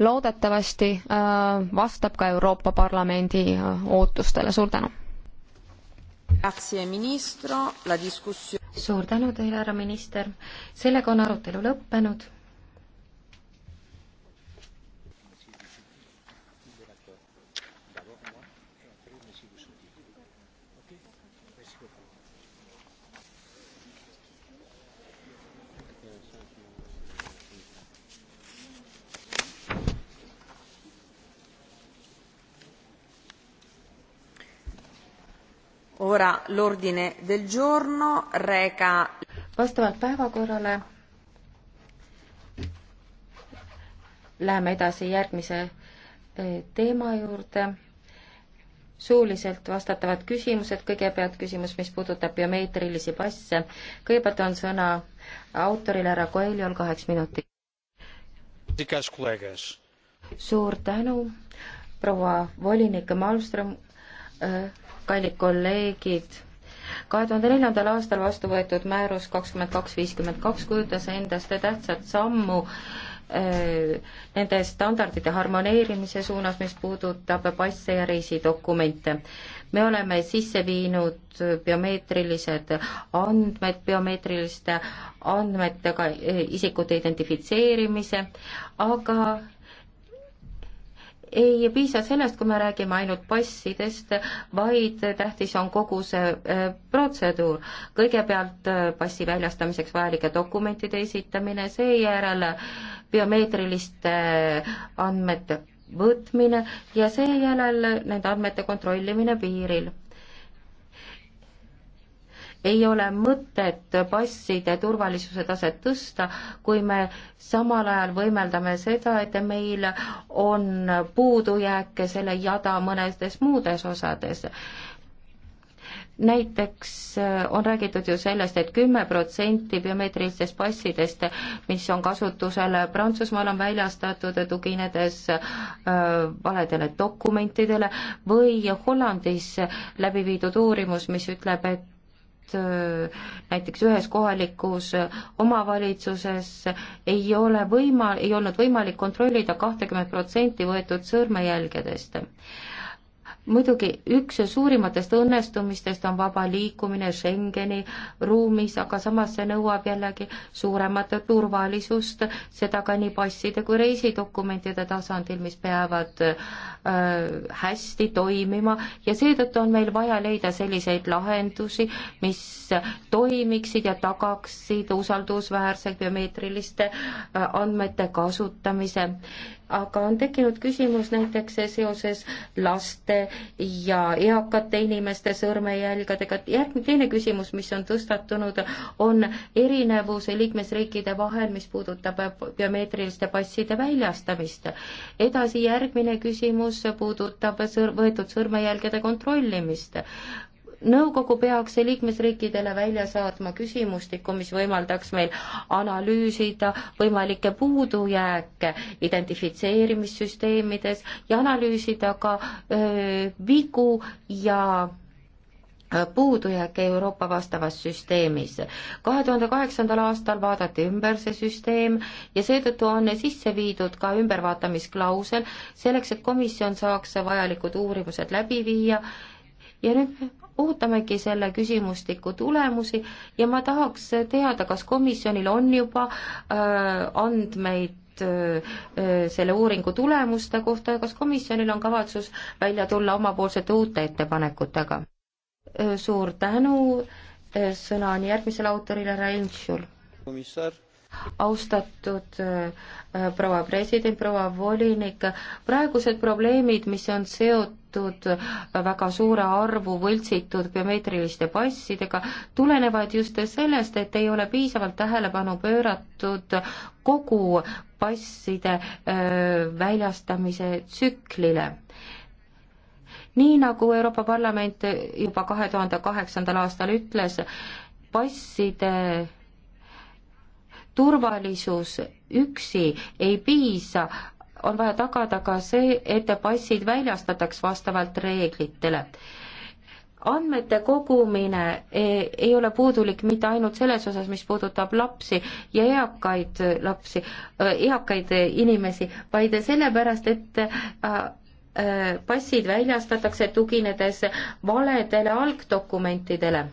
loodetavasti äh, vastab ka Euroopa Parlamendi äh, ootustele, suur tänu! suur tänu teile, härra minister, sellega on arutelu lõppenud Ora l'ordine del giorno reca vastavalt päevakorrale läheme edasi järgmise eh, teema juurde. suuliselt vastatavad küsimused, kõigepealt küsimus, mis puudutab biomeetrilisi passe. kõigepealt on sõna autorile härra Koeljol kaheks minutiks. suur tänu, proua volinik Malmström äh, kallid kolleegid, kahe tuhande neljandal aastal vastu võetud määrus kakskümmend kaks viiskümmend kaks kujutas endast tähtsat sammu äh, nende standardite harmoneerimise suunas, mis puudutab passe ja reisidokumente. me oleme sisse viinud biomeetrilised andmed, biomeetriliste andmetega äh, isikute identifitseerimise, aga ei piisa sellest, kui me räägime ainult passidest, vaid tähtis on kogu see äh, protseduur. kõigepealt äh, passi väljastamiseks vajalike dokumentide esitamine, seejärel biomeetriliste äh, andmete võtmine ja seejärel nende andmete kontrollimine piiril ei ole mõtet passide turvalisuse taset tõsta, kui me samal ajal võimeldame seda, et meil on puudujääke selle jada mõnedes muudes osades. näiteks on räägitud ju sellest et, et kümme protsenti biomeetrilistest passidest, mis on kasutusel Prantsusmaal, on väljastatud tuginedes äh, valedele dokumentidele või Hollandis läbi viidud uurimus, mis ütleb, et Äh, näiteks ühes kohalikus äh, omavalitsuses ei ole võima-, ei olnud võimalik kontrollida kahtekümmet protsenti võetud sõrmejälgedest muidugi üks suurimatest õnnestumistest on vaba liikumine Schengeni ruumis, aga samas see nõuab jällegi suuremat turvalisust, seda ka nii passide kui reisidokumentide tasandil, mis peavad äh, hästi toimima ja seetõttu on meil vaja leida selliseid lahendusi, mis toimiksid ja tagaksid usaldusväärse biomeetriliste äh, andmete kasutamise aga on tekkinud küsimus näiteks seoses laste ja eakate inimeste sõrmejälgedega. järgmine, teine küsimus, mis on tõstatunud, on erinevus liikmesriikide vahel, mis puudutab biomeetriliste passide väljastamist. edasi järgmine küsimus puudutab sõr-, võetud sõrmejälgede kontrollimist nõukogu peaks liikmesriikidele välja saatma küsimustiku, mis võimaldaks meil analüüsida võimalikke puudujääke identifitseerimissüsteemides ja analüüsida ka öö, vigu ja puudujääke Euroopa vastavas süsteemis. kahe tuhande kaheksandal aastal vaadati ümber see süsteem ja seetõttu on sisse viidud ka ümbervaatamisklausel, selleks et komisjon saaks vajalikud uurimused läbi viia ja nüüd ootamegi selle küsimustiku tulemusi ja ma tahaks teada, kas komisjonil on juba äh, andmeid äh, äh selle uuringu tulemuste kohta ja kas komisjonil on kavatsus välja tulla omapoolsete uute ettepanekutega? Äh, suur tänu, äh, sõna on järgmisele autorile, Rain Tšul. komissar austatud äh, proua president, proua volinik, praegused probleemid, mis on seotud seotud väga suure arvu võltsitud biomeetriliste passidega, tulenevad just sellest, et ei ole piisavalt tähelepanu pööratud kogu passide öö, väljastamise tsüklile nii nagu Euroopa Parlament juba kahe tuhande kaheksandal aastal ütles, passide turvalisus üksi ei piisa on vaja tagada ka see, et passid väljastataks vastavalt reeglitele andmete kogumine e, ei ole puudulik mitte ainult selles osas, mis puudutab lapsi ja eakaid lapsi, e, eakaid inimesi, vaid sellepärast, et äh, äh, passid väljastatakse tuginedes valedele algdokumentidele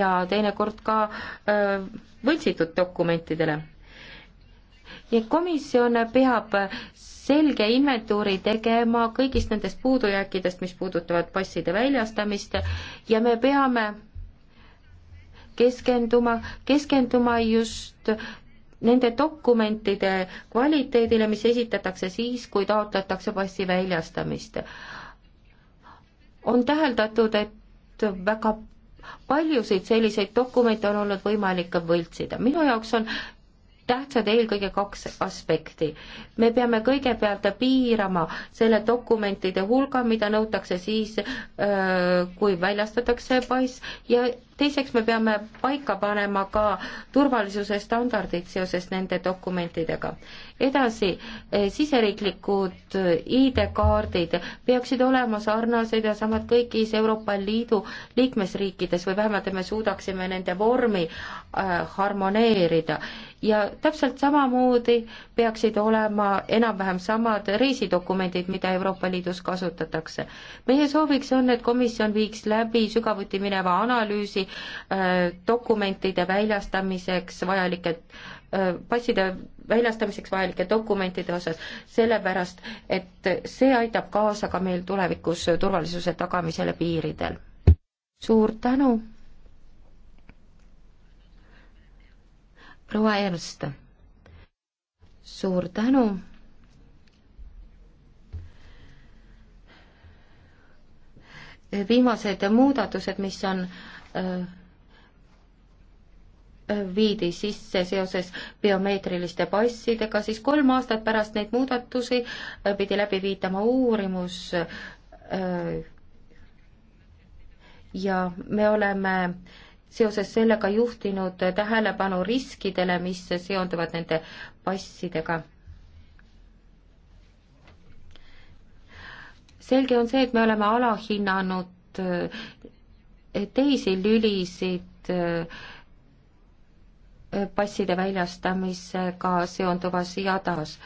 ja teinekord ka äh, võltsitud dokumentidele ja komisjon peab selge inventuuri tegema kõigist nendest puudujääkidest, mis puudutavad passide väljastamist ja me peame keskenduma, keskenduma just nende dokumentide kvaliteedile, mis esitatakse siis, kui taotletakse passi väljastamist. on täheldatud, et väga paljusid selliseid dokumente on olnud võimalik võltsida. minu jaoks on tähtsad eelkõige kaks aspekti. me peame kõigepealt piirama selle dokumentide hulga, mida nõutakse siis, äh, kui väljastatakse pass ja teiseks me peame paika panema ka turvalisuse standardid seoses nende dokumentidega. edasi, eh, siseriiklikud eh, ID-kaardid peaksid olema sarnased ja samad kõigis Euroopa Liidu liikmesriikides või vähemalt me suudaksime nende vormi äh, harmoneerida. ja täpselt samamoodi peaksid olema enam-vähem samad reisidokumendid, mida Euroopa Liidus kasutatakse. meie sooviks on, et komisjon viiks läbi sügavuti mineva analüüsi samuti äh, dokumentide väljastamiseks vajalike, äh, passide väljastamiseks vajalike dokumentide osas, sellepärast et see aitab kaasa ka meil tulevikus turvalisuse tagamisele piiridel. suur tänu! proua Ernst, suur tänu! viimased muudatused, mis on äh, Äh, äh, viidi sisse seoses biomeetriliste passidega, siis kolm aastat pärast neid muudatusi äh, pidi läbi viitama uurimus ja me oleme seoses sellega juhtinud tähelepanu riskidele, mis seonduvad nende passidega. selge on see, et me oleme alahinnanud teisi lülisid äh, passide väljastamisega seonduvas jadas.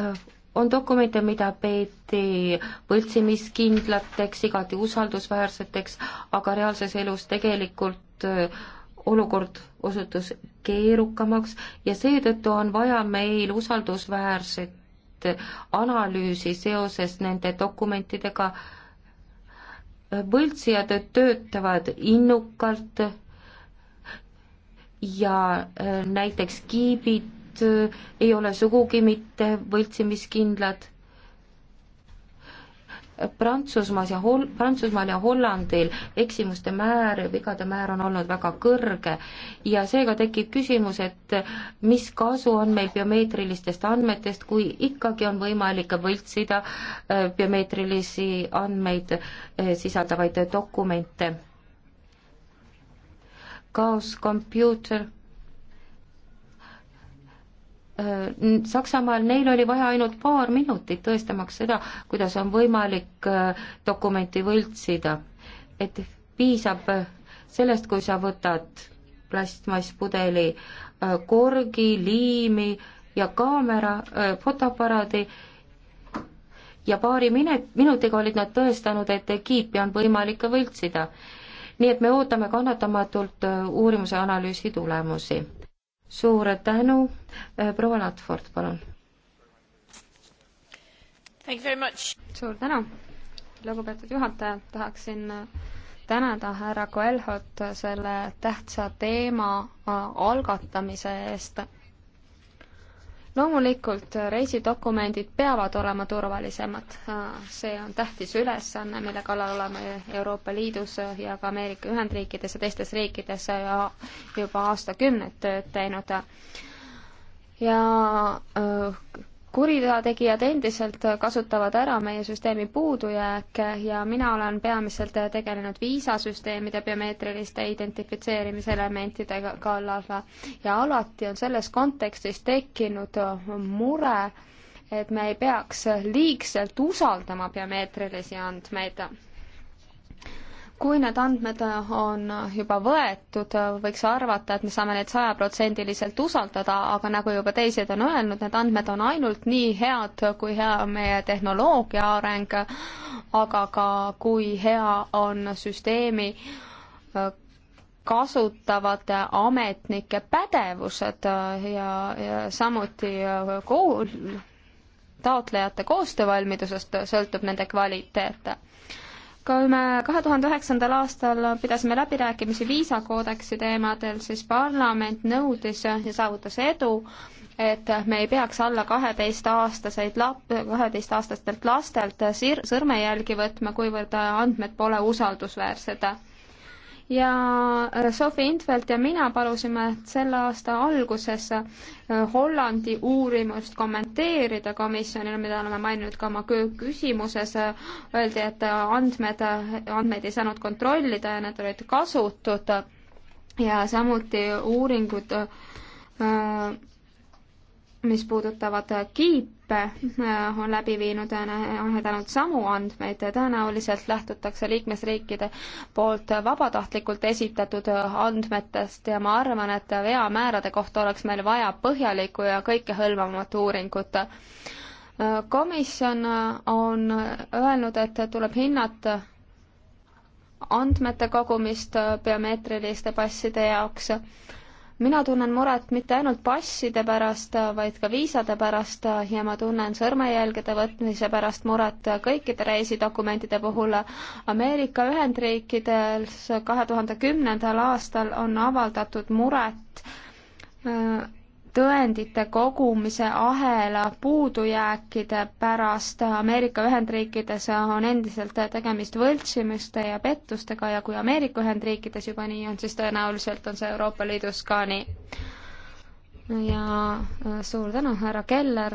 Äh, on dokumente, mida peeti võltsimiskindlateks, igati usaldusväärseteks, aga reaalses elus tegelikult äh, olukord osutus keerukamaks ja seetõttu on vaja meil usaldusväärset analüüsi seoses nende dokumentidega. võltsijad töötavad innukalt ja äh, näiteks kiibid äh, ei ole sugugi mitte võltsimiskindlad Prantsusmaas ja Hol-, Prantsusmaal ja Hollandil eksimuste määr, vigade määr on olnud väga kõrge ja seega tekib küsimus, et mis kasu on meil biomeetrilistest andmetest, kui ikkagi on võimalik võltsida äh, biomeetrilisi andmeid äh, sisaldavaid dokumente. Chaos Computer Äh, Saksamaal, neil oli vaja ainult paar minutit tõestamaks seda, kuidas on võimalik äh, dokumenti võltsida. et piisab äh, sellest, kui sa võtad plastmasspudeli, korgi, liimi ja kaamera, fotoaparaadi ja paari minet-, minutiga olid nad tõestanud, et kiipi on võimalik võltsida. nii et me ootame kannatamatult uurimuse analüüsi tulemusi suur tänu, äh, proua Ladford, palun. suur tänu, lugupeetud juhataja, tahaksin äh, tänada härra Koelhot selle tähtsa teema äh, algatamise eest loomulikult äh, reisidokumendid peavad olema turvalisemad, see on tähtis ülesanne, mille kallal oleme Euroopa Liidus ja ka Ameerika Ühendriikides ja teistes riikides ja juba aastakümneid tööd teinud. ja öö, äh, kuriteotegijad endiselt kasutavad ära meie süsteemi puudujääke ja mina olen peamiselt tegelenud viisasüsteemide biomeetriliste identifitseerimiselementidega kallal ja alati on selles kontekstis tekkinud mure, et me ei peaks liigselt usaldama biomeetrilisi andmeid kui need andmed on juba võetud, võiks arvata, et me saame neid sajaprotsendiliselt usaldada, aga nagu juba teised on öelnud, need andmed on ainult nii head, kui hea on meie tehnoloogia areng, aga ka kui hea on süsteemi äh, kasutavate ametnike pädevused äh, ja, ja samuti äh, kool, taotlejate koostöövalmidusest sõltub nende kvaliteet kui me kahe tuhande üheksandal aastal pidasime läbirääkimisi viisakoodeksi teemadel, siis parlament nõudis ja saavutas edu, et me ei peaks alla kaheteistaastaseid lap-, kaheteistaastastelt lastelt sir-, sõrmejälgi võtma, kuivõrd andmed pole usaldusväärsed ja äh, Sophie Intvelt ja mina palusime selle aasta alguses äh, Hollandi uurimust kommenteerida komisjonile, mida oleme maininud ka oma küsimuses. Öeldi, et äh, andmed, andmeid ei saanud kontrollida ja need olid kasutud ja samuti uuringud, mis puudutavad kiip, õppe äh, on läbi viinud, äh, on näidanud samu andmeid, tõenäoliselt lähtutakse liikmesriikide poolt vabatahtlikult esitatud äh, andmetest ja ma arvan, et veamäärade kohta oleks meil vaja põhjalikku ja kõikehõlmavat uuringut. komisjon on öelnud, et tuleb hinnata andmete kogumist biomeetriliste passide jaoks mina tunnen muret mitte ainult passide pärast, vaid ka viisade pärast ja ma tunnen sõrmejälgede võtmise pärast muret kõikide reisidokumentide puhul. Ameerika Ühendriikides kahe tuhande kümnendal aastal on avaldatud muret tõendite kogumise ahela puudujääkide pärast Ameerika Ühendriikides on endiselt tegemist võltsimiste ja pettustega ja kui Ameerika Ühendriikides juba nii on, siis tõenäoliselt on see Euroopa Liidus ka nii. ja suur tänu, härra Keller.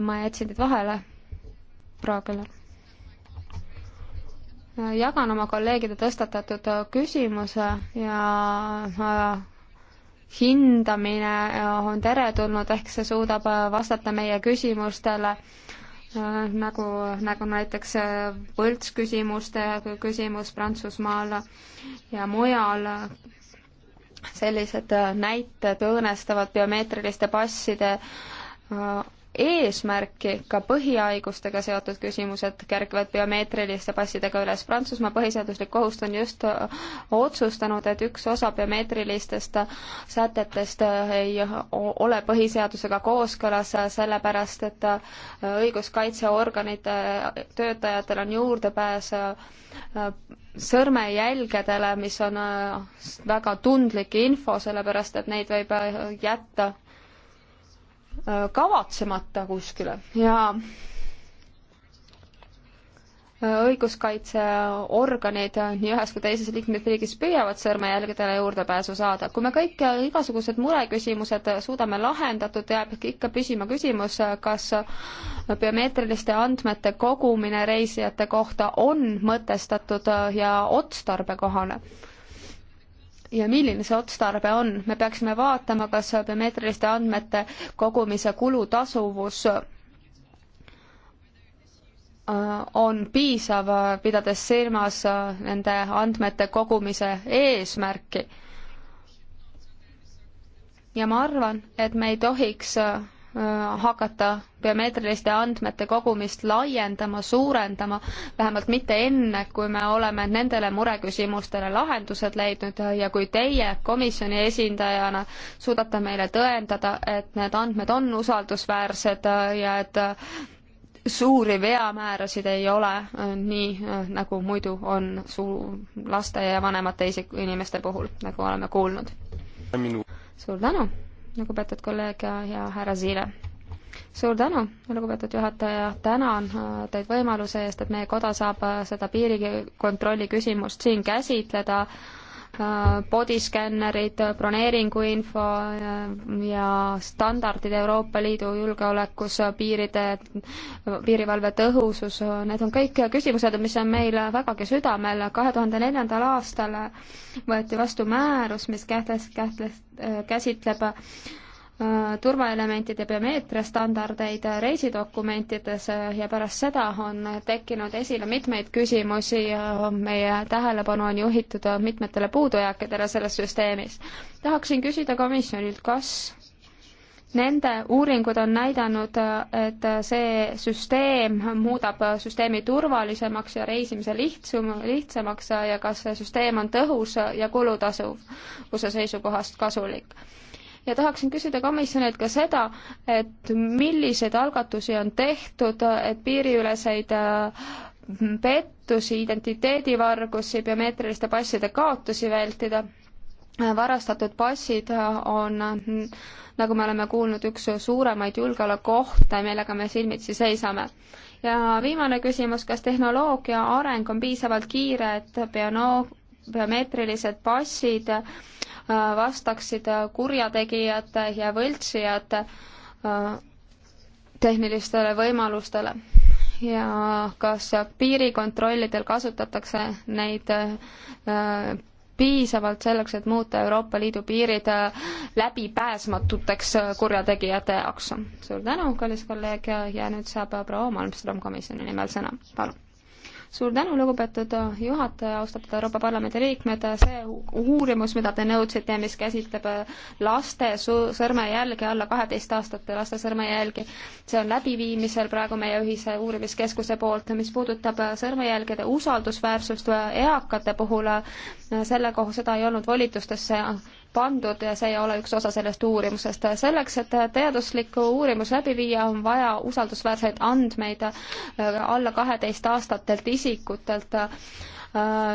ma jätsin teid vahele, proua Keller. jagan oma kolleegide tõstatatud küsimuse ja hindamine äh, on teretulnud, ehk see suudab äh, vastata meie küsimustele äh, nagu, nagu näiteks võltsküsimuste küsimus Prantsusmaal ja mujal. sellised näited õõnestavad biomeetriliste passide eesmärki, ka põhihaigustega seotud küsimused kerkivad biomeetriliste passidega üles. Prantsusmaa põhiseaduslik kohus on just otsustanud, et üks osa biomeetrilistest sätetest ei ole põhiseadusega kooskõlas, sellepärast et õiguskaitseorganite töötajatel on juurdepääs sõrmejälgedele, mis on väga tundlik info, sellepärast et neid võib jätta Äh, kavatsemata kuskile ja äh, õiguskaitseorganid äh, nii ühes kui teises liikmesriigis püüavad sõrmejälgedele juurdepääsu saada. kui me kõik igasugused mureküsimused suudame lahendatud, jääb ikka püsima küsimus, kas biomeetriliste andmete kogumine reisijate kohta on mõtestatud ja otstarbekohane ja milline see otstarve on, me peaksime vaatama, kas biomeetriliste andmete kogumise kulutasuvus äh, on piisav, pidades silmas äh, nende andmete kogumise eesmärki. ja ma arvan, et me ei tohiks äh, Äh, hakata biomeetriliste andmete kogumist laiendama, suurendama, vähemalt mitte enne, kui me oleme nendele mureküsimustele lahendused leidnud ja kui teie komisjoni esindajana suudate meile tõendada, et need andmed on usaldusväärsed ja et suuri veamäärasid ei ole, äh, nii äh, nagu muidu on suu-, laste ja vanemate isiku, inimeste puhul, nagu oleme kuulnud. suur tänu! lugupeetud kolleeg ja, ja härra Ziile. suur tänu, lugupeetud juhataja, tänan äh, teid võimaluse eest, et meie koda saab äh, seda piirikontrolli küsimust siin käsitleda bodiskannerid, broneeringuinfo äh, ja standardid Euroopa Liidu julgeolekus, piiride, piirivalve tõhusus, need on kõik küsimused, mis on meil vägagi südamel. kahe tuhande neljandal aastal võeti vastu määrus, mis kähtles, kähtles, käsitleb turvaelementide biomeetriastandardeid reisidokumentides ja pärast seda on tekkinud esile mitmeid küsimusi ja meie tähelepanu on juhitud mitmetele puudujääkidele selles süsteemis. tahaksin küsida komisjonilt, kas Nende uuringud on näidanud, et see süsteem muudab süsteemi turvalisemaks ja reisimise lihtsum, lihtsamaks ja kas see süsteem on tõhus ja kulutasuv, kus see seisukohast kasulik ja tahaksin küsida komisjonilt ka seda, et milliseid algatusi on tehtud, et piiriüleseid äh, pettusi, identiteedivargusi, biomeetriliste passide kaotusi vältida. Äh, varastatud passid äh, on, nagu me oleme kuulnud, üks suuremaid julgeolekuohte, millega me silmitsi seisame ja viimane küsimus, kas tehnoloogia areng on piisavalt kiire, et biano-, biomeetrilised passid vastaksid kurjategijate ja võltsijate äh, tehnilistele võimalustele ja kas piirikontrollidel kasutatakse neid äh, piisavalt selleks, et muuta Euroopa Liidu piirid äh, läbipääsmatuteks kurjategijate jaoks. suur tänu, kallis kolleeg ja nüüd saab proua Malmström komisjoni nimel sõna, palun suur tänu, lugupeetud äh, juhataja, austatud Euroopa Parlamendi liikmed, see uurimus, mida te nõudsite, mis käsitleb äh, laste sõrmejälgi, alla kaheteist aastate laste sõrmejälgi, see on läbiviimisel praegu meie ühise uurimiskeskuse poolt, mis puudutab äh, sõrmejälgede usaldusväärsust eakate puhul, selle koha, seda ei olnud volitustesse pandud ja see ei ole üks osa sellest uurimusest. selleks, et teaduslikku uurimus läbi viia, on vaja usaldusväärseid andmeid äh, alla kaheteist aastatelt isikutelt äh,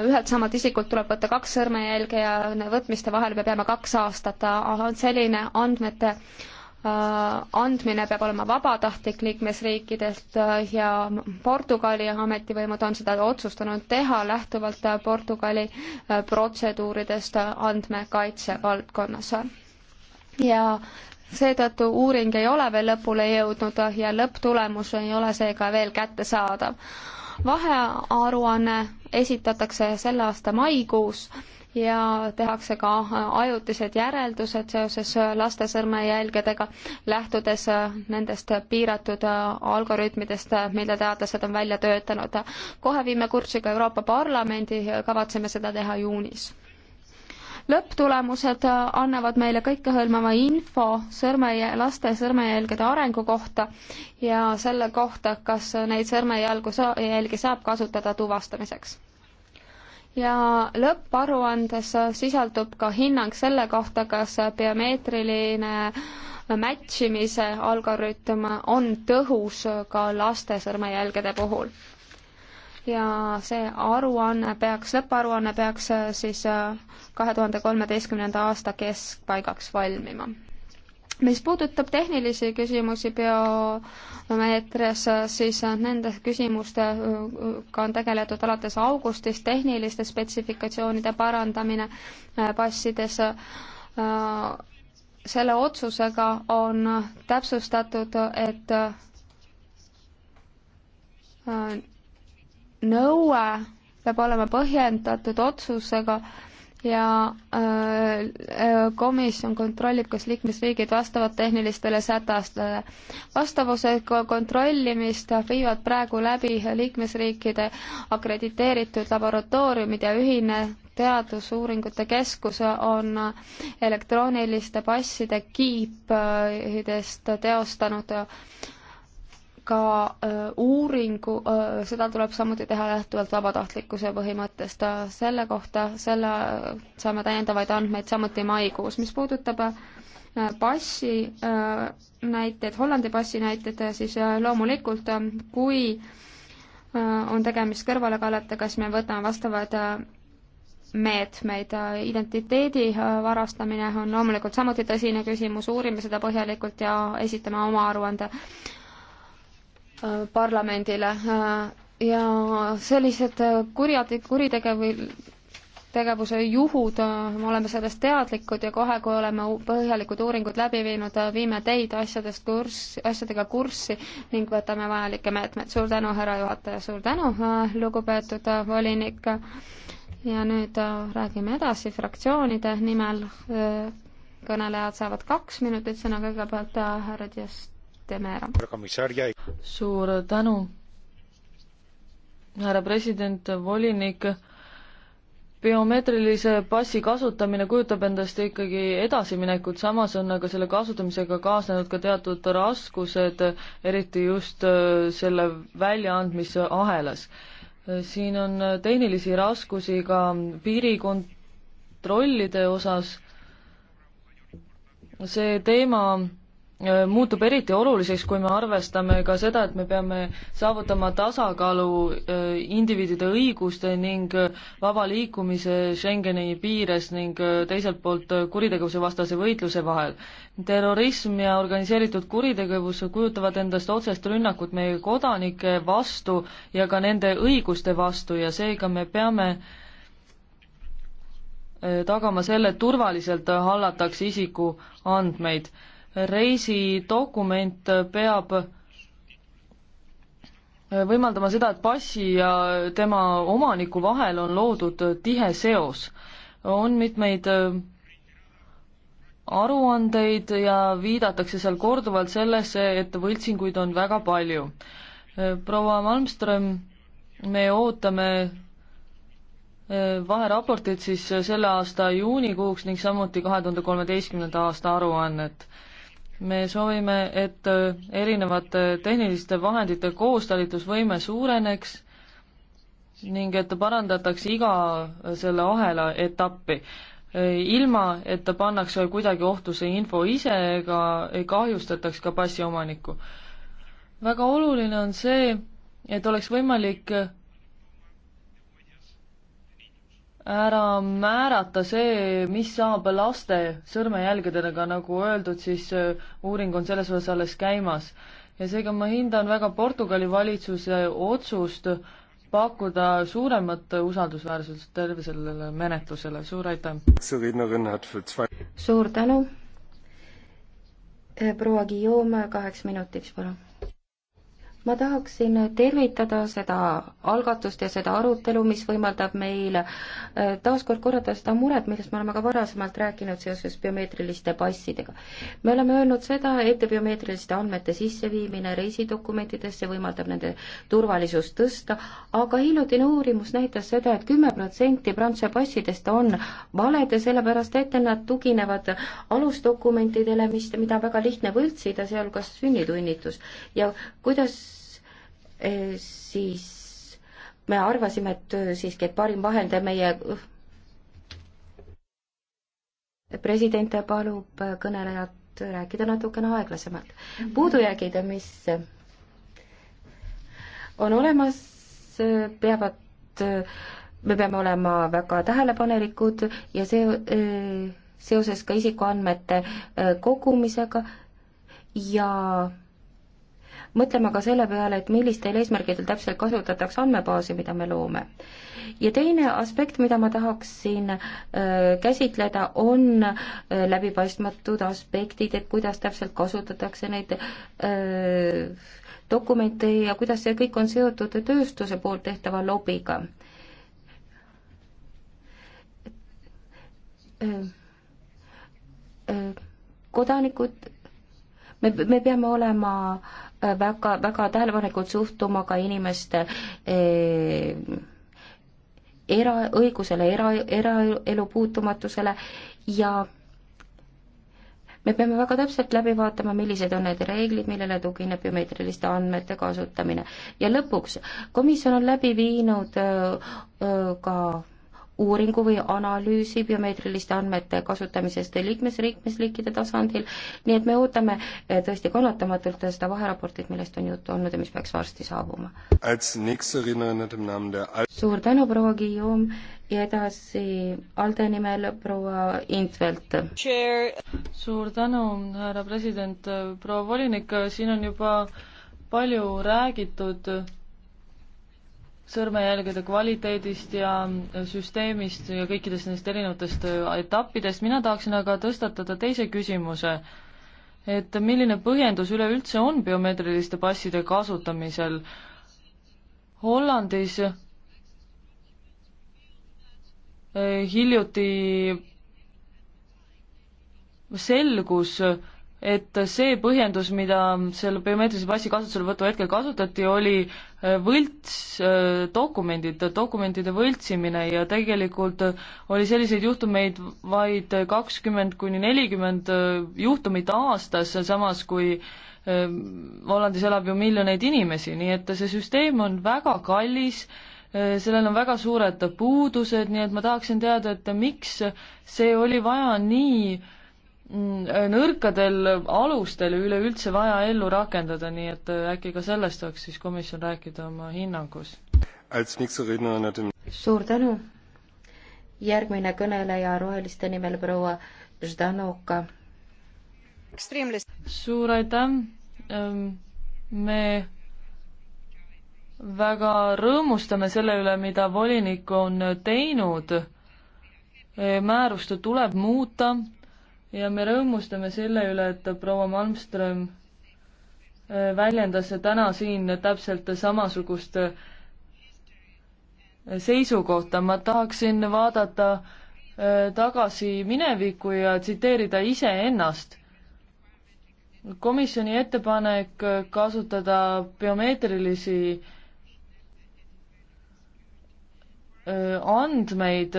ühelt samalt isikult tuleb võtta kaks sõrmejälge ja võtmiste vahele peab jääma kaks aastat. Äh, selline andmete Äh, andmine peab olema vabatahtlik liikmesriikidest äh, ja Portugali ametivõimud on seda otsustanud teha lähtuvalt äh, Portugali protseduuridest andmekaitse valdkonnas. ja seetõttu uuring ei ole veel lõpule jõudnud ja lõpptulemus ei ole seega veel kättesaadav. vahearuanne esitatakse selle aasta maikuus ja tehakse ka ajutised järeldused seoses laste sõrmejälgedega, lähtudes nendest piiratud algoritmidest, mille teadlased on välja töötanud. kohe viime kurssi ka Euroopa Parlamendi, kavatseme seda teha juunis lõpptulemused annavad meile kõikehõlmava info sõrmejä-, laste sõrmejälgede arengu kohta ja selle kohta, kas neid sõrmejälgu sa-, jälgi saab kasutada tuvastamiseks ja lõpparuandes sisaldub ka hinnang selle kohta, kas biomeetriline matchimise algoritm on tõhus ka laste sõrmejälgede puhul. ja see aruanne peaks, lõpparuanne peaks siis äh, kahe tuhande kolmeteistkümnenda aasta keskpaigaks valmima mis puudutab tehnilisi küsimusi biomeetrias, siis nende küsimustega on tegeletud alates augustist, tehniliste spetsifikatsioonide parandamine äh, passides. Äh, selle otsusega on täpsustatud, et äh, nõue peab olema põhjendatud otsusega ja äh, äh, komisjon kontrollib, kas liikmesriigid vastavad tehnilistele sätastele. vastavuse kontrollimist viivad praegu läbi liikmesriikide akrediteeritud laboratooriumid ja ühine teadusuuringute keskus on elektrooniliste passide kiipidest teostanud ka äh, uuringu, äh, seda tuleb samuti teha lähtuvalt vabatahtlikkuse põhimõttest. selle kohta, selle saame täiendavaid andmeid samuti maikuus. mis puudutab äh, passi näiteid, Hollandi passi näiteid, siis loomulikult, kui on tegemist kõrvalekalletega, siis me võtame vastavad meetmeid. identiteedi varastamine on loomulikult samuti tõsine küsimus, uurime seda põhjalikult ja esitame oma aruande parlamendile ja sellised kurjate-, kuritegev-, tegevuse juhud, me oleme sellest teadlikud ja kohe, kui oleme põhjalikud uuringud läbi viinud, viime teid asjadest kurss, asjadega kurssi ning võtame vajalikke meetmeid. suur tänu, härra juhataja, suur tänu, lugupeetud volinik. ja nüüd räägime edasi fraktsioonide nimel. kõnelejad saavad kaks minutit sõna kõigepealt härra Dias de Mera. suur tänu, härra president, volinik. biomeetrilise passi kasutamine kujutab endast ikkagi edasiminekut, samas on aga selle kasutamisega kaasnenud ka teatud raskused, eriti just äh, selle väljaandmise ahelas. siin on tehnilisi raskusi ka piirikontrollide osas. see teema muutub eriti oluliseks, kui me arvestame ka seda, et me peame saavutama tasakaalu äh, indiviidide õiguste ning äh, vaba liikumise Schengeni piires ning äh, teiselt poolt kuritegevuse vastase võitluse vahel. terrorism ja organiseeritud kuritegevus kujutavad endast otsest rünnakut meie kodanike vastu ja ka nende õiguste vastu ja seega me peame tagama selle, et turvaliselt hallatakse isikuandmeid reisidokument peab võimaldama seda, et passi ja tema omaniku vahel on loodud tihe seos. on mitmeid äh, aruandeid ja viidatakse seal korduvalt sellesse, et võltsinguid on väga palju. Äh, proua Malmström, me ootame äh, vaheraportit siis selle aasta juunikuuks ning samuti kahe tuhande kolmeteistkümnenda aasta aruannet me soovime, et äh, erinevate tehniliste vahendite koostalitusvõime suureneks ning et parandataks iga äh, selle ahela etappi. Äh, ilma, et ta pannakse kuidagi ohtu see info ise ega ei kahjustataks ka passiomanikku. väga oluline on see, et oleks võimalik ära määrata see, mis saab laste sõrmejälgedega, nagu öeldud, siis äh, uuring on selles osas alles käimas. ja seega ma hindan väga Portugali valitsuse otsust pakkuda suuremat usaldusväärsust terve sellele menetlusele, suur aitäh! suur tänu! Äh, proua Guillaume kaheks minutiks, palun! ma tahaksin tervitada seda algatust ja seda arutelu, mis võimaldab meil äh, taaskord korrata seda muret, millest me oleme ka varasemalt rääkinud seoses biomeetriliste passidega. me oleme öelnud seda, et biomeetriliste andmete sisseviimine reisidokumentidesse võimaldab nende turvalisust tõsta, aga hiljutine uurimus näitas seda et, et kümme protsenti Prantsuse passidest on valed ja sellepärast, et nad tuginevad alusdokumentidele, mis, mida on väga lihtne võltsida, sealhulgas sünnitunnitus. ja kuidas Eh, siis me arvasime, et eh, siiski, et parim vahend meie eh, president palub kõnelejat rääkida natukene aeglasemalt. Mhm. puudujäägid, mis on olemas, peavad, me peame olema väga tähelepanelikud ja see, seoses ka isikuandmete kogumisega ja mõtlema ka selle peale, et millistel eesmärgidel täpselt kasutatakse andmebaasi, mida me loome. ja teine aspekt, mida ma tahaksin äh, käsitleda, on äh, läbipaistmatud aspektid, et kuidas täpselt kasutatakse neid äh, dokumente ja kuidas see kõik on seotud tööstuse poolt tehtava lobiga äh, äh, kodanikud, me, me peame olema Äh, väga, väga tähelepanelikult suhtuma ka inimeste eh, era, õigusele, era, eraelu puutumatusele ja me peame väga täpselt läbi vaatama, millised on need reeglid, millele tugineb biomeetriliste andmete kasutamine. ja lõpuks, komisjon on läbi viinud öö, äh, öö, ka uuringu või analüüsi biomeetriliste andmete kasutamisest liikmesriikide tasandil, nii et me ootame eh, tõesti kannatamatult seda vaheraportit, millest on juttu olnud ja mis peaks varsti saabuma. suur tänu, proua Guillaume ja edasi ALDE nimel proua Intvelt. suur tänu, härra president, proua volinik, siin on juba palju räägitud sõrmejälgede kvaliteedist ja äh, süsteemist ja kõikidest nendest erinevatest äh, etappidest, mina tahaksin aga tõstatada teise küsimuse, et milline põhjendus üleüldse on biomeetriliste passide kasutamisel Hollandis äh, hiljuti selgus, et see põhjendus, mida selle biomeetrilise passi kasutuselevõtu hetkel kasutati, oli äh, võltsdokumendid, äh, dokumentide võltsimine ja tegelikult äh, oli selliseid juhtumeid vaid kakskümmend kuni nelikümmend juhtumit aastas, samas kui Hollandis elab ju miljoneid inimesi, nii et see süsteem on väga kallis sellel on väga suured puudused, nii et ma tahaksin teada, et miks see oli vaja nii Mm, nõrkadel alustel üleüldse vaja ellu rakendada, nii et äh, äkki ka sellest saaks siis komisjon rääkida oma hinnangus. suur tänu. järgmine kõneleja Roheliste nimel proua Ždanoka. suur aitäh. Ehm, me väga rõõmustame selle üle, mida volinik on teinud ehm, määrust tuleb muuta, ja me rõõmustame selle üle, et proua Malmström äh, väljendas täna siin täpselt samasugust äh, seisukohta. ma tahaksin vaadata äh, tagasi minevikku ja tsiteerida iseennast. komisjoni ettepanek kasutada biomeetrilisi andmeid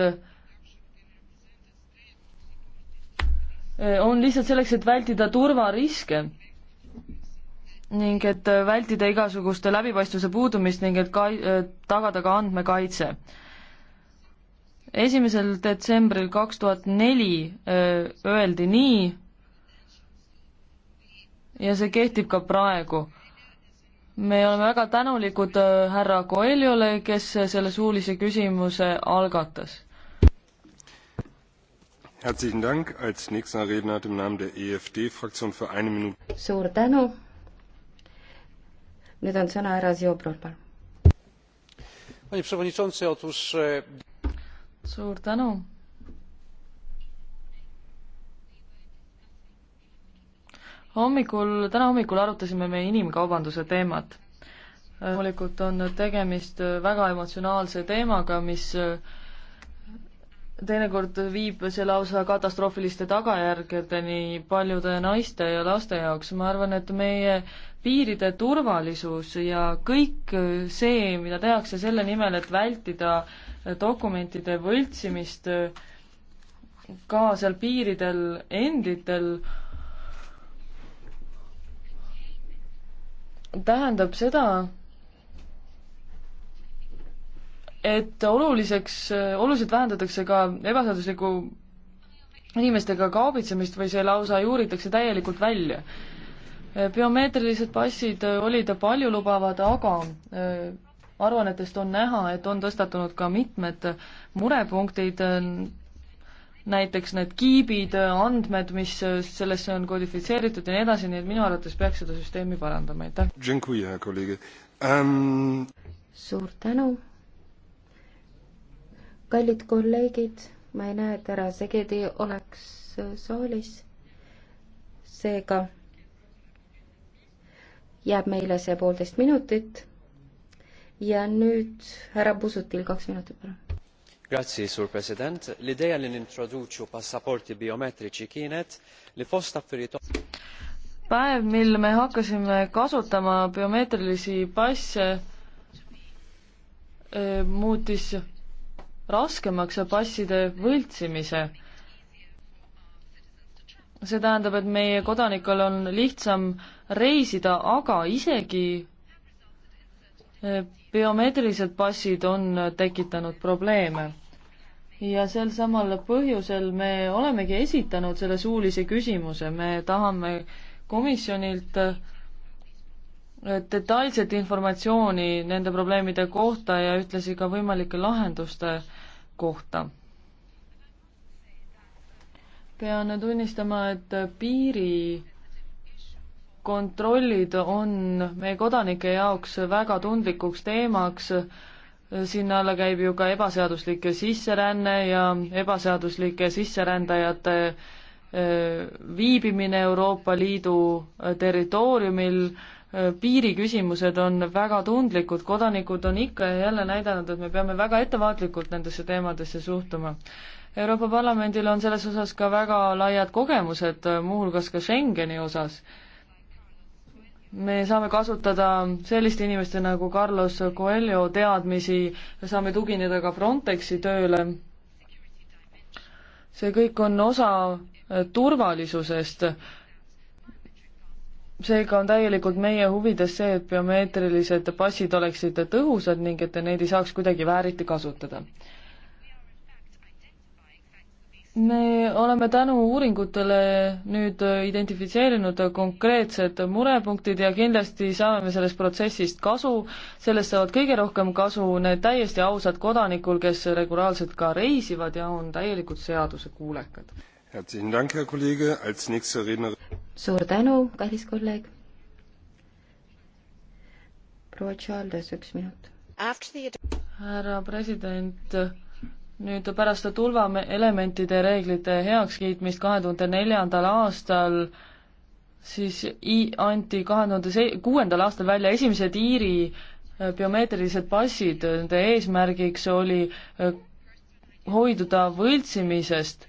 Äh, on lihtsalt selleks, et vältida turvariske ning et äh, vältida igasuguste läbipaistvuse puudumist ning et ka-, äh, tagada ka andmekaitse. esimesel detsembril kaks tuhat neli öeldi nii ja see kehtib ka praegu. me oleme väga tänulikud härra Coelhole, kes selle suulise küsimuse algatas Herzlichen Dank. Als nächster Redner hat im Namen der EFD-Fraktion für eine Minute. Suur tänu. Nüüd on sõna härra Ziobrol, palun. Panie przewodniczący, otóż... E, Suur tänu. hommikul, täna hommikul arutasime me inimkaubanduse teemat. loomulikult on tegemist väga emotsionaalse teemaga, mis teinekord viib see lausa katastroofiliste tagajärgedeni paljude naiste ja laste jaoks, ma arvan, et meie piiride turvalisus ja kõik see, mida tehakse selle nimel, et vältida dokumentide võltsimist ka seal piiridel enditel, tähendab seda, et oluliseks, oluliselt vähendatakse ka ebaseaduslikku inimestega kaubitsemist või see lausa juuritakse täielikult välja. biomeetrilised passid olid paljulubavad, aga äh, aruannetest on näha, et on tõstatunud ka mitmed murepunktid, näiteks need kiibid, andmed, mis sellesse on kodifitseeritud ja nii edasi, nii et minu arvates peaks seda süsteemi parandama, aitäh! suur tänu! kallid kolleegid, ma ei näe, et härra Segedi oleks saalis. seega jääb meile see poolteist minutit. ja nüüd härra Pusutil kaks minutit, palun. Grazie, Sur President. L'idea li nintroduċu passaporti biometrici kienet li fost affarijiet päev, mil me hakkasime kasutama biomeetrilisi passe, eh, muutis raskemaks passide võltsimise. see tähendab, et meie kodanikel on lihtsam reisida, aga isegi eh, biomeetrilised passid on tekitanud probleeme. ja sel samal põhjusel me olemegi esitanud selle suulise küsimuse, me tahame komisjonilt eh, detailset informatsiooni nende probleemide kohta ja ühtlasi ka võimalike lahenduste kohta. pean tunnistama, et piirikontrollid on meie kodanike jaoks väga tundlikuks teemaks, sinna alla käib ju ka ebaseaduslik sisseränne ja ebaseaduslike sisserändajate viibimine Euroopa Liidu territooriumil Äh, piiriküsimused on väga tundlikud, kodanikud on ikka ja jälle näidanud, et me peame väga ettevaatlikult nendesse teemadesse suhtuma. Euroopa Parlamendil on selles osas ka väga laiad kogemused, äh, muuhulgas ka Schengeni osas. me saame kasutada selliste inimeste nagu Carlos Coelho teadmisi, saame tugineda ka Frontexi tööle, see kõik on osa äh, turvalisusest seega on täielikult meie huvides see, et biomeetrilised passid oleksid tõhusad ning et neid ei saaks kuidagi vääriti kasutada. me oleme tänu uuringutele nüüd identifitseerinud konkreetsed murepunktid ja kindlasti saame me sellest protsessist kasu, sellest saavad kõige rohkem kasu need täiesti ausad kodanikul, kes regulaarselt ka reisivad ja on täielikult seadusekuulekad suur tänu, kallis kolleeg. proua Charles, üks minut. härra president, nüüd pärast tulvaelementide reeglite heakskiitmist kahe tuhande neljandal aastal siis I anti kahe tuhande kuuendal aastal välja esimesed Iiri eh, biomeetrilised passid, nende eesmärgiks oli eh, hoiduda võltsimisest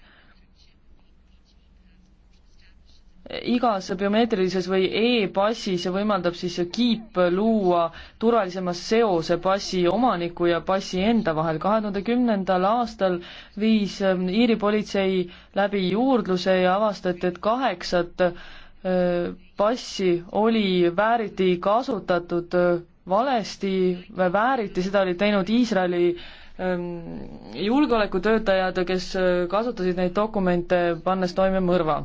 igas biomeetrilises või e-passis ja võimaldab siis kiip luua turvalisema seose passi omaniku ja passi enda vahel. kahe tuhande kümnendal aastal viis ähm, Iiri politsei läbi juurdluse ja avastati, et kaheksat äh, passi oli vääriti kasutatud äh, valesti või vääriti, seda olid teinud Iisraeli ähm, julgeolekutöötajad, kes äh, kasutasid neid dokumente, pannes toime mõrva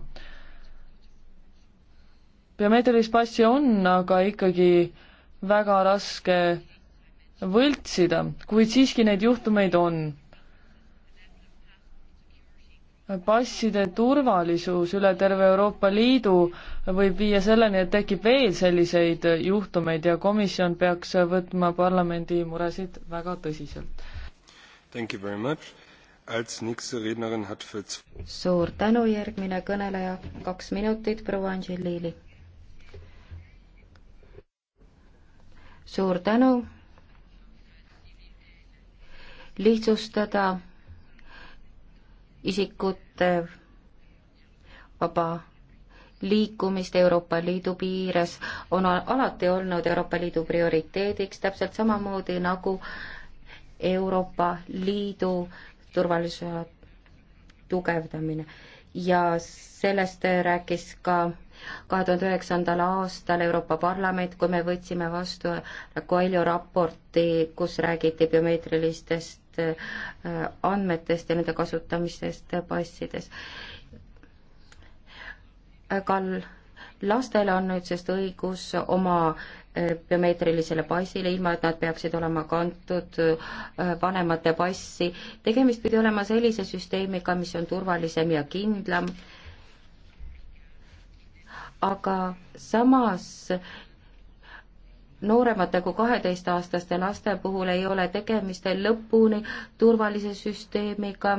biomeetrilist passi on, aga ikkagi väga raske võltsida, kuid siiski neid juhtumeid on. passide turvalisus üle terve Euroopa Liidu võib viia selleni, et tekib veel selliseid juhtumeid ja komisjon peaks võtma parlamendi muresid väga tõsiselt. Thank you very much. Als nächste Rednerin hat für suur tänu, järgmine kõneleja, kaks minutit, proua Angelili suur tänu. lihtsustada isikute vaba liikumist Euroopa Liidu piires on alati olnud Euroopa Liidu prioriteediks, täpselt samamoodi nagu Euroopa Liidu turvalisuse tugevdamine ja sellest rääkis ka kahe tuhande üheksandal aastal Euroopa Parlament, kui me võtsime vastu Coelho raporti, kus räägiti biomeetrilistest äh, andmetest ja nende kasutamisest passides. ka lastel on nüüdsest õigus oma äh, biomeetrilisele passile, ilma et nad peaksid olema kantud äh, vanemate passi. tegemist pidi olema sellise süsteemiga, mis on turvalisem ja kindlam aga samas nooremate kui kaheteistaastaste laste puhul ei ole tegemist lõpuni turvalise süsteemiga,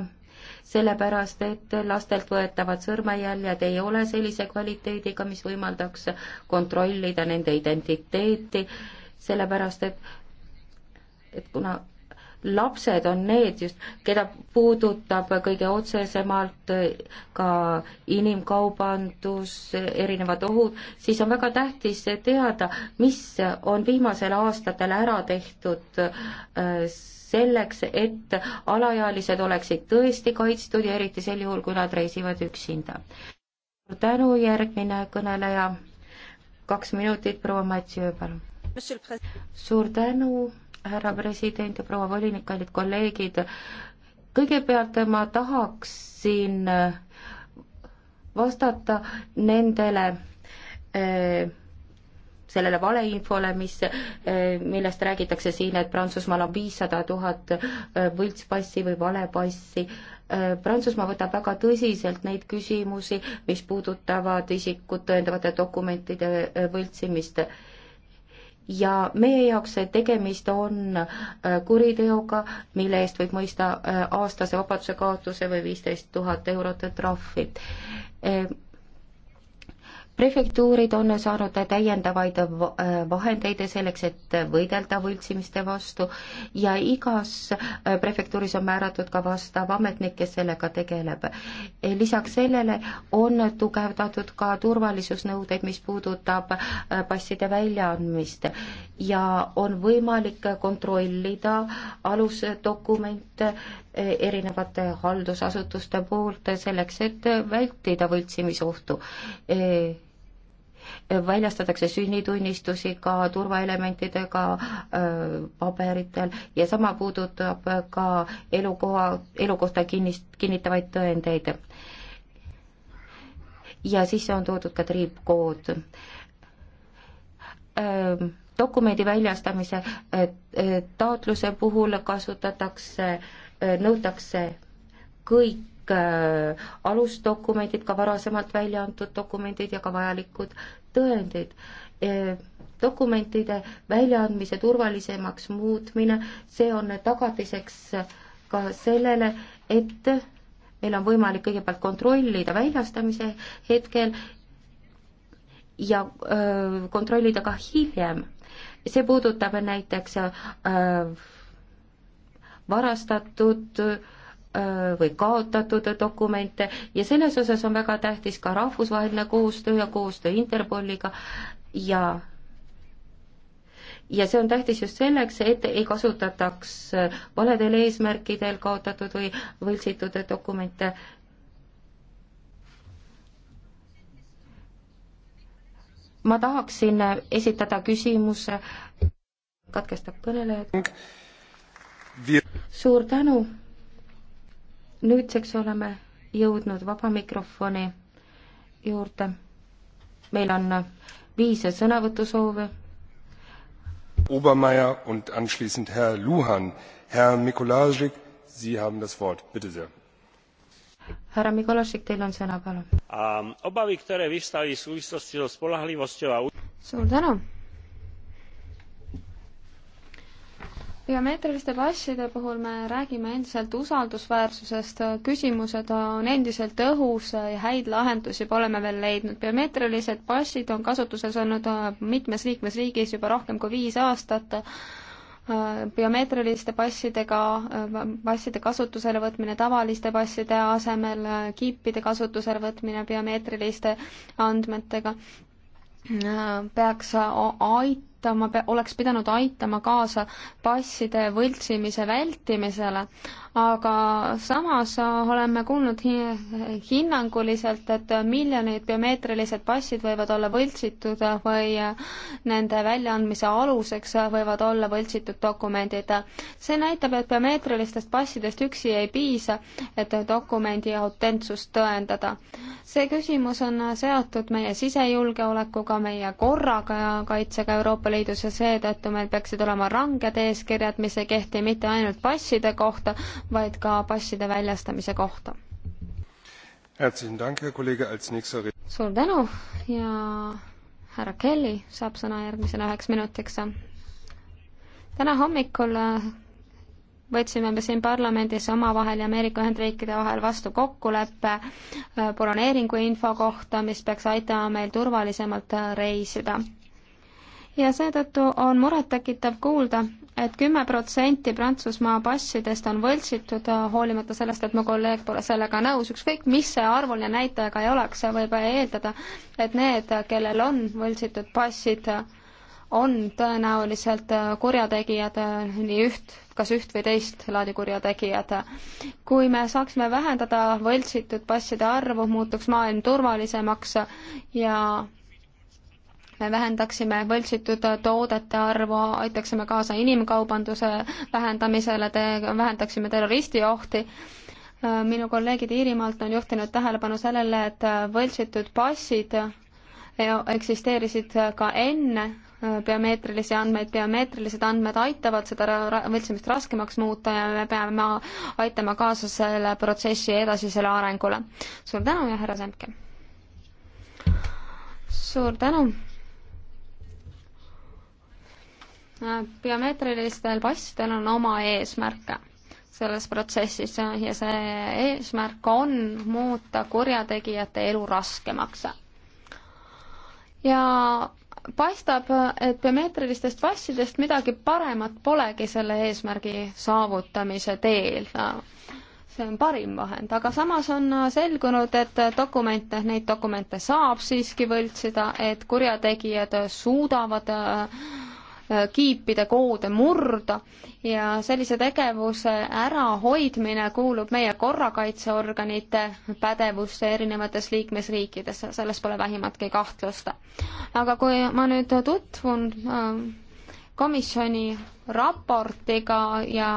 sellepärast et lastelt võetavad sõrmejäljed ei ole sellise kvaliteediga, mis võimaldaks kontrollida nende identiteeti, sellepärast et, et kuna lapsed on need just, keda puudutab kõige otsesemalt ka inimkaubandus, erinevad ohud, siis on väga tähtis teada, mis on viimasel aastatel ära tehtud äh, selleks, et alaealised oleksid tõesti kaitstud ja eriti sel juhul, kui nad reisivad üksinda. tänu, järgmine kõneleja, kaks minutit, proua Matsi Ööbal. suur tänu härra president ja proua volinik, kallid kolleegid. kõigepealt ma tahaksin äh, vastata nendele äh, sellele valeinfole, mis, äh, millest räägitakse siin, et Prantsusmaal on viissada tuhat võltspassi või valepassi. Prantsusmaa võtab väga tõsiselt neid küsimusi, mis puudutavad isikut tõendavate dokumentide võltsimist ja meie jaoks tegemist on äh, kuriteoga, mille eest võib mõista äh, aastase vabadusekaotuse või viisteist tuhat eurot trahvi äh, prefektuurid on saanud täiendavaid äh, vahendeid selleks, et võidelda võltsimiste vastu ja igas äh, prefektuuris on määratud ka vastav ametnik, kes sellega tegeleb. lisaks sellele on tugevdatud ka turvalisusnõudeid, mis puudutab äh, passide väljaandmist ja on võimalik kontrollida alusdokumente erinevate haldusasutuste poolt selleks, et vältida võltsimisohtu väljastatakse sünnitunnistusi ka turvaelementidega äh, paberitel ja sama puudutab ka elukoha, elukohta kinnis, kinnitavaid tõendeid. ja sisse on toodud ka triipkood ähm, dokumendi väljastamise äh, äh, taotluse puhul kasutatakse, nõutakse kõik kõik äh, alusdokumendid, ka varasemalt välja antud dokumendid ja ka vajalikud tõendid äh, dokumentide väljaandmise turvalisemaks muutmine, see on tagatiseks äh, ka sellele, et meil on võimalik kõigepealt kontrollida väljastamise hetkel ja öö, kontrollida ka hiljem. see puudutab näiteks öö, varastatud öö, Äh, või kaotatud dokumente ja selles osas on väga tähtis ka rahvusvaheline koostöö ja koostöö Interpoliga ja ja see on tähtis just selleks, et ei kasutataks valedel eesmärkidel kaotatud või võltsitud dokumente ma tahaksin esitada küsimuse, katkestab kõneleja. suur tänu nüüdseks oleme jõudnud vaba mikrofoni juurde. meil on viis sõnavõtusoovi. Obermeier und anschließend Herr Luhan. Herr Mikolašik, Sie haben das Wort, bitte sehr. härra Mikolašik, teil on sõna, palun. obavi, ktoré vyvstali v súvislosti so spolahlivosťou a suur tänu biomeetriliste passide puhul me räägime endiselt usaldusväärsusest, küsimused on endiselt õhus ja häid lahendusi pole me veel leidnud. biomeetrilised passid on kasutuses olnud mitmes liikmesriigis juba rohkem kui viis aastat. biomeetriliste passidega, passide kasutusele võtmine tavaliste passide asemel, kiipide kasutusele võtmine biomeetriliste andmetega peaks ait-, aitama, oleks pidanud aitama kaasa passide võltsimise vältimisele, aga samas äh, oleme kuulnud hinnanguliselt, et miljonid biomeetrilised passid võivad olla võltsitud või nende väljaandmise aluseks võivad olla võltsitud dokumendid. see näitab, et biomeetrilistest passidest üksi ei piisa, et dokumendi autentsust tõendada. see küsimus on seotud meie sisejulgeolekuga, meie korraga ja kaitsega Euroopa Liidus ja seetõttu meil peaksid olema ranged eeskirjad, mis ei kehti mitte ainult passide kohta, vaid ka passide väljastamise kohta. suur tänu ja härra Kelly saab sõna järgmisena üheks minutiks. täna hommikul äh, võtsime me siin parlamendis omavahel ja Ameerika Ühendriikide vahel vastu kokkuleppe äh, broneeringu info kohta, mis peaks aitama meil turvalisemalt äh, reisida ja seetõttu on murettekitav kuulda, et kümme protsenti Prantsusmaa passidest on võltsitud, äh, hoolimata sellest, et mu kolleeg pole sellega nõus, ükskõik mis see arvuline näitaja ka ei oleks, võib eeldada, et need, kellel on võltsitud passid, on tõenäoliselt äh, kurjategijad, äh, nii üht, kas üht või teist laadi kurjategijad. kui me saaksime vähendada võltsitud passide arvu, muutuks maailm turvalisemaks ja me vähendaksime võltsitud toodete arvu, aitaksime kaasa inimkaubanduse vähendamisele, vähendaksime terroristiohti minu kolleegid Iirimaalt on juhtinud tähelepanu sellele, et võltsitud passid e-, eksisteerisid ka enne biomeetrilisi andmeid, biomeetrilised andmed aitavad seda võltsimist raskemaks muuta ja me peame aitama kaasa selle protsessi edasisele arengule. suur tänu ja härra Semke! suur tänu! biomeetrilistel passidel on oma eesmärke selles protsessis ja see eesmärk on muuta kurjategijate elu raskemaks. ja paistab, et biomeetrilistest passidest midagi paremat polegi selle eesmärgi saavutamise teel see on parim vahend, aga samas on selgunud, et dokumente, neid dokumente saab siiski võltsida, et kurjategijad suudavad äh, Äh, kiipide koode murda ja sellise tegevuse ärahoidmine kuulub meie korrakaitseorganite pädevusse erinevates liikmesriikides, selles pole vähimatki kahtlust. aga kui ma nüüd tutvun äh, komisjoni raportiga ja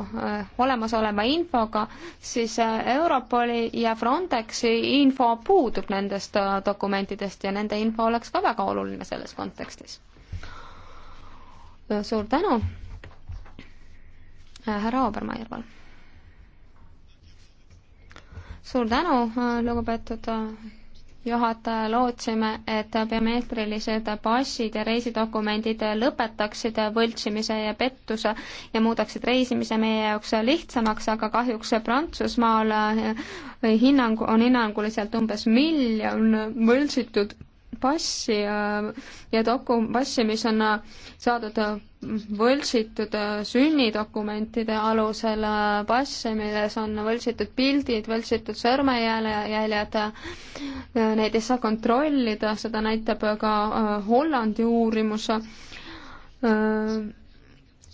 äh, olemasoleva infoga, siis Europoli ja Frontexi info puudub nendest dokumentidest ja nende info oleks ka väga oluline selles kontekstis suur tänu, äh, härra Obermeier, palun. suur tänu, äh, lugupeetud äh, juhataja, lootsime, et biomeetrilised passid ja reisidokumendid lõpetaksid võltsimise ja pettuse ja muudaksid reisimise meie jaoks lihtsamaks, aga kahjuks Prantsusmaal hinnang, on hinnanguliselt umbes miljon võltsitud passi ja doku-, passi, mis on äh, saadud äh, võltsitud äh, sünnidokumentide alusel, passe, milles on võltsitud pildid, võltsitud sõrmejäljed, neid ei saa kontrollida, seda näitab ka Hollandi uurimus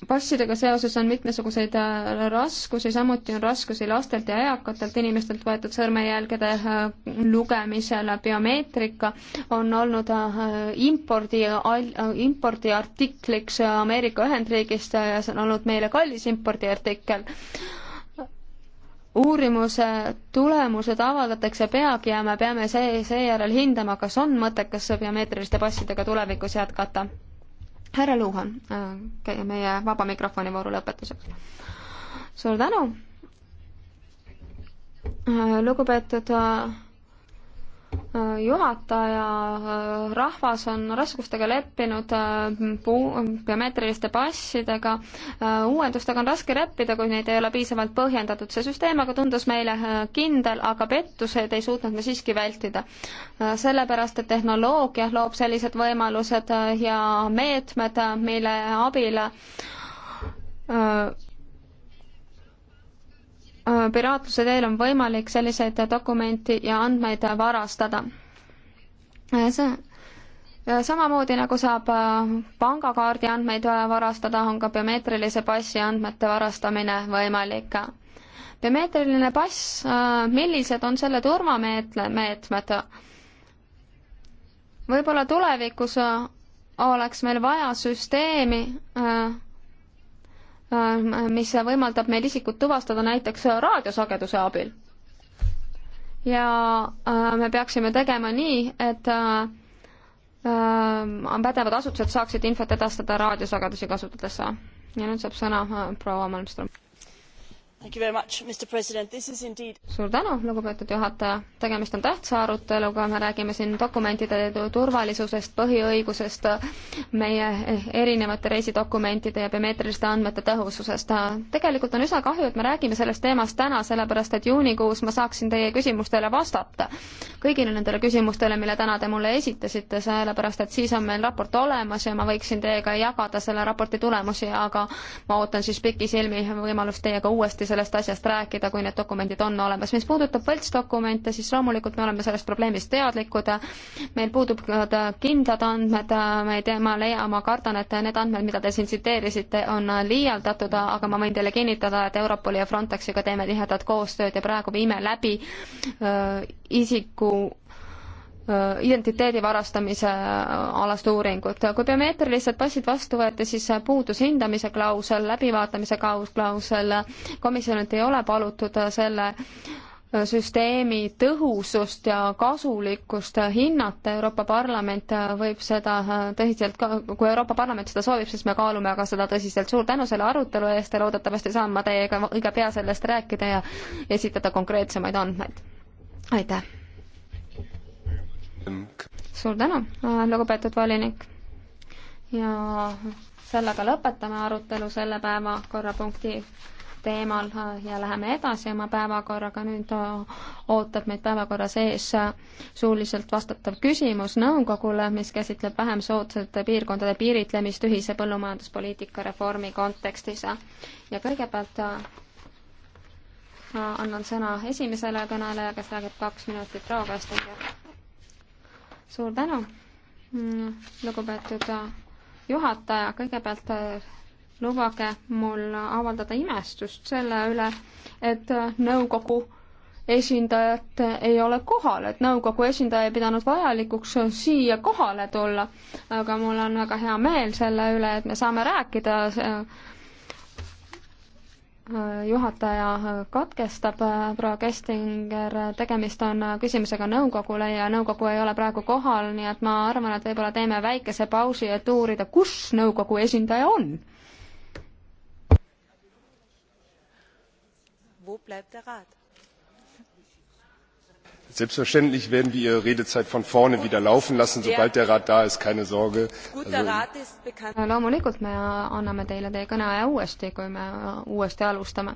passidega seoses on mitmesuguseid äh, raskusi, samuti on raskusi lastelt ja eakatelt inimestelt võetud sõrmejälgede äh, lugemisel, biomeetrika on olnud äh, impordi, impordiartikliks Ameerika Ühendriigist ja see on olnud meile kallis impordiartikkel. uurimuse tulemused avaldatakse peagi ja me peame see, seejärel hindama, kas on mõttekas biomeetriliste passidega tulevikus jätkata härra Luhan, äh, meie vaba mikrofoni vooru lõpetuseks. suur tänu, äh, lugupeetud äh, juhataja, rahvas on raskustega leppinud äh, biomeetriliste passidega, äh, uuendustega on raske leppida, kui neid ei ole piisavalt põhjendatud. see süsteem aga tundus meile äh, kindel, aga pettused ei suutnud me siiski vältida. sellepärast, et tehnoloogia loob sellised võimalused ja meetmed, mille abil piraatluse teel on võimalik selliseid dokumenti ja andmeid varastada. see, samamoodi nagu saab äh, pangakaardi andmeid varastada, on ka biomeetrilise passi andmete varastamine võimalik. biomeetriline pass, äh, millised on selle turvameetmed? võib-olla tulevikus äh, oleks meil vaja süsteemi, Äh, mis võimaldab meil isikut tuvastada näiteks raadiosageduse abil. ja äh, me peaksime tegema nii, et äh, pädevad asutused saaksid infot edastada raadiosagedusi kasutades. ja nüüd saab sõna proua Malmström Indeed... suur tänu, lugupeetud juhataja, tegemist on tähtsa aruteluga, me räägime siin dokumentide turvalisusest, põhiõigusest, meie erinevate reisidokumentide ja biomeetriliste andmete tõhususest. tegelikult on üsna kahju, et me räägime sellest teemast täna, sellepärast et juunikuus ma saaksin teie küsimustele vastata. kõigile nendele küsimustele, mille täna te mulle esitasite, sellepärast et siis on meil raport olemas ja ma võiksin teiega jagada selle raporti tulemusi, aga ma ootan siis pikisilmi võimalust teiega uuesti samuti sellest asjast rääkida, kui need dokumendid on olemas. mis puudutab võltsdokumente, siis loomulikult me oleme sellest probleemist teadlikud, meil puudub kindlad andmed, me ei tea, ma leian, ma kardan, et need andmed, mida te siin tsiteerisite, on liialdatud, aga ma võin teile kinnitada, et Europoli ja Frontexiga teeme tihedat koostööd ja praegu viime läbi öö, äh, isiku Äh, identiteedi varastamise äh, alast uuringut. kui biomeetrilised passid vastu võeti, siis äh, puudus hindamise klausel, läbivaatamise klausel, komisjonilt ei ole palutud selle süsteemi tõhusust ja kasulikkust hinnata, Euroopa Parlament võib seda tõsiselt, kui Euroopa Parlament seda soovib, siis me kaalume aga seda tõsiselt. suur tänu selle arutelu eest ja loodetavasti saan ma teiega õige pea sellest rääkida ja esitada konkreetsemaid andmeid. aitäh! suur tänu, lugupeetud volinik. ja sellega lõpetame arutelu selle päevakorrapunkti teemal ja läheme edasi oma päevakorraga. nüüd ootab meid päevakorra sees suuliselt vastatav küsimus nõukogule, mis käsitleb vähem soodsate piirkondade piiritlemist ühise põllumajanduspoliitika reformi kontekstis. ja kõigepealt äh, annan sõna esimesele kõnelejale, kes räägib kaks minutit raadiostundiga suur tänu, mm, lugupeetud äh, juhataja, kõigepealt äh, lubage mul avaldada imestust selle üle, et äh, nõukogu esindajat ei ole kohal, et nõukogu esindaja ei pidanud vajalikuks siia kohale tulla. aga mul on väga hea meel selle üle, et me saame rääkida juhataja katkestab proua Kestinger, tegemist on küsimusega nõukogule ja nõukogu ei ole praegu kohal, nii et ma arvan, et võib-olla teeme väikese pausi, et uurida, kus nõukogu esindaja on. Wo bleibt der Rat? Selbstverständlich werden wir Ihre Redezeit von vorne wieder laufen lassen, sobald der Rat da ist, keine Sorge. loomulikult me anname teile teie kõneaja uuesti, kui me äh, uuesti alustame.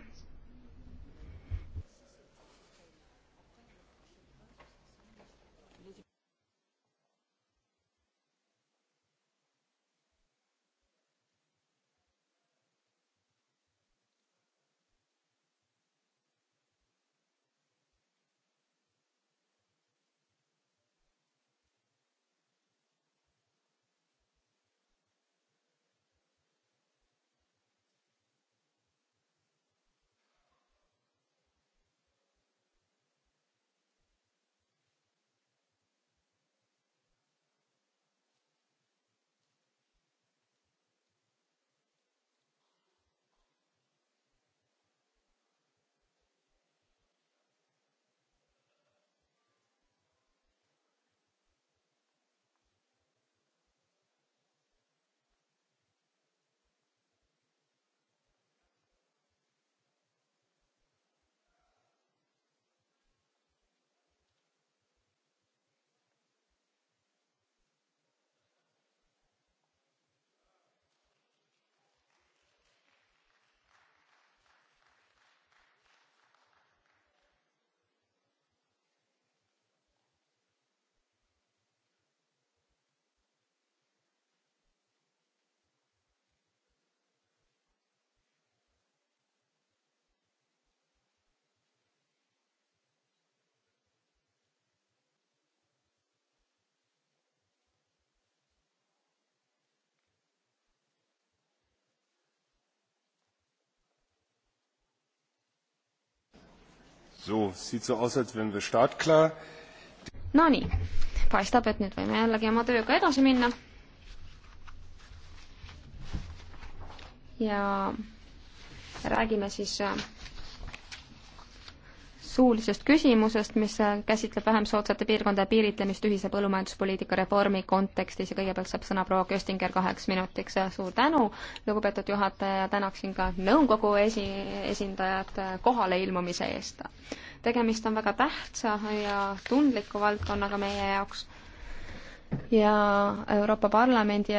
So, sieht so aus, als wenn wir startklar. Nonii, paistab, et nüüd võime jällegi oma tööga edasi minna. ja räägime siis äh, suulisest küsimusest, mis äh, käsitleb vähem soodsate piirkondade piiritlemist ühise põllumajanduspoliitika reformi kontekstis ja kõigepealt saab sõna proua Köstinger kaheks minutiks. Äh, suur tänu, lugupeetud juhataja, tänaksin ka nõukogu esi, esindajat äh, kohale ilmumise eest. tegemist on väga tähtsa ja tundliku valdkonnaga meie jaoks ja Euroopa Parlamendi ja